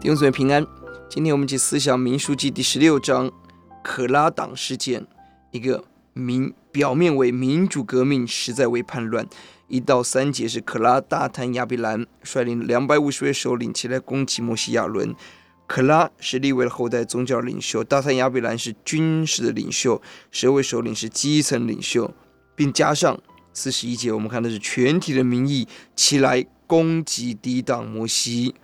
弟兄姊妹平安，今天我們去思想《民數記》第十六章，可拉黨事件。一個民表面為民主革命，實在為叛亂。一到三節是可拉大坍亞比蘭率領兩百五十位首領前來攻擊摩西亞倫。可拉是利未的後代，宗教領袖；大坍亞比蘭是軍事的領袖，兩百五十位首領是基層領袖，並加上四十一節，我們看的是全體的民意起來攻擊抵擋摩西。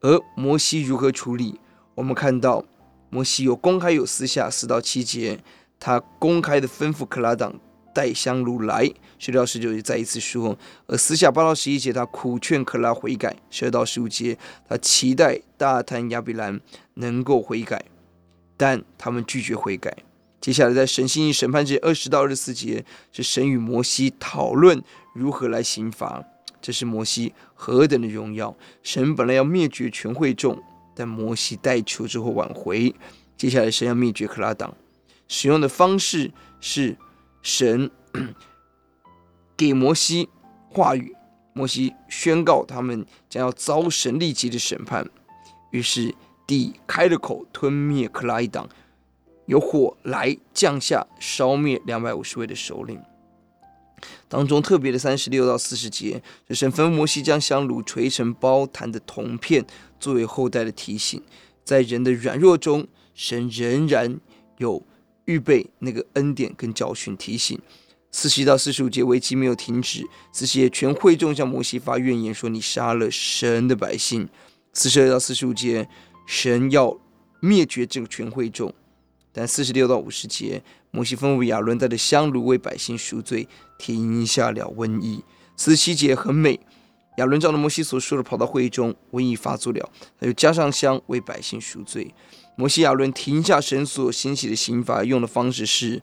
而摩西如何處理？我們看到，摩西有公開有私下。四到七節，他公開的吩咐可拉黨帶香爐來。十六到十九節再一次說，而私下八到十一節，他苦勸可拉悔改。十二到十五節，他期待大坍亞比蘭能夠悔改，但他們拒絕悔改。接下來在神心審判這二十到二十四節，是神與摩西討論如何來刑罰。這是摩西何等的榮耀！神本來要滅絕全會眾，但摩西代求之後挽回。接下來，神要滅絕可拉黨，使用的方式是神給摩西話語，摩西宣告他們將要遭神立即的審判。於是地開了口，吞滅可拉黨；有火來降下，燒滅兩百五十位的首領。當中特別的三十六到四十節，神吩咐摩西將香爐錘成包壇的銅片，作為後代的提醒。在人的軟弱中，神仍然有預備那個恩典跟教訓提醒。四十一到四十五節，危機沒有停止，四十一全會眾向摩西发怨言，說你殺了神的百姓。四十二到四十五節，神要滅絕這個全會眾。但四十六到五十節，摩西吩咐亞倫帶着香爐為百姓贖罪，停下了瘟疫。四十七節很美。亞倫照着摩西所說的跑到會議中，瘟疫發作了，他又加上香為百姓贖罪。摩西、亞倫停下神所興起的刑罰用的方式是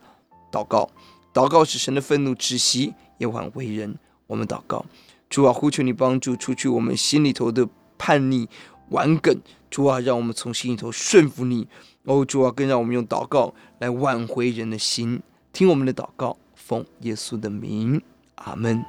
禱告。禱告使神的憤怒止息，也挽回人。我們禱告，主啊，呼求你幫助，除去我們心裡頭的叛逆。頑梗，主啊，讓我們從心裡頭順服你。哦，主啊，更讓我們用禱告來挽回人的心，聽我們的禱告，奉耶穌的名，阿門。